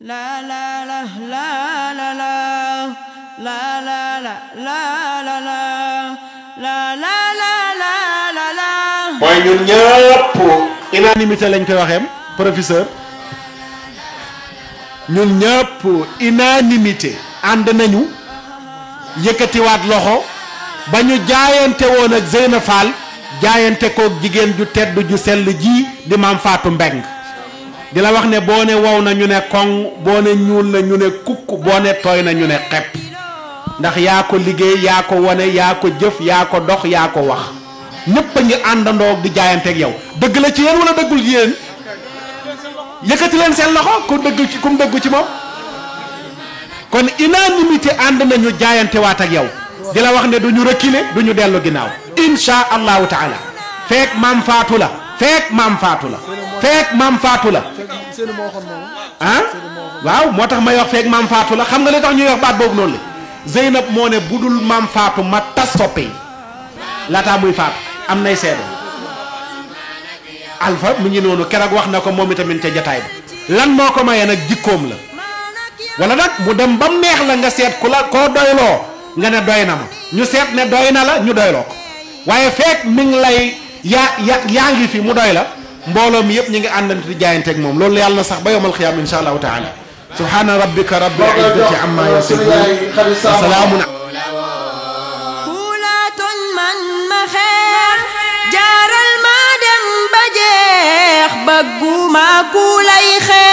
La la ñun ñëpp unanimité lañ koy waxeem professeur ñun ñëpp unanimité ànd nañu yëkkatiwaat loxo ba ñu jaayante woon ak Zeyna jaayante kook jigéen ju tedd ju sell ji di maam Fatou Mbeng di la wax ne boo ne wow na ñu ne koŋ boo ne ñuul na ñu ne kukk boo ne tooy na ñu ne xepp ndax yaa ko liggéey yaa ko wone yaa ko jëf yaa ko dox yaa ko wax ñépp a ngi àndandoo di jaayanteeg yow dëgg la ci yéen wala dëggul ci yéen yëkkati seen loxo ku dëgg ci ku dëggu ci moom kon unanimité ànd nañu jaayantewaat ak yow di la wax ne duñu ñu reculer dellu ginnaaw insha allahu taala feek maam la feek maam faatu la feek maam faatu la ah waaw moo tax may yox feek maam faatu la xam nga li tax ñuy wax baat boobu noonu la Zeynab moo ne bu dul maam faatu ma tas soppe yi laataa muy faatu am nay seede alfa mu ngi noonu keroog wax na ko moom itamit ca jataay bi lan moo ko mayee nag jikkoom la wala nag mu dem ba mu neex la nga seet ku la koo doyloo nga ne doy na ma ñu seet ne doy na la ñu doyloo ko waaye feek mi lay yaa yaa yaa ngi fi mu doy la mbooloo mi yëpp ñu ngi àndante di jaayanteeg moom loolu yàlla na sax ba yowmal xiyaam insha allahu taala subhaana rabbika rabbil izzati amma yasifuun salaamun kuulaatun man ma xeex jaaral ma dem ba jeex bëgguma ku lay xeex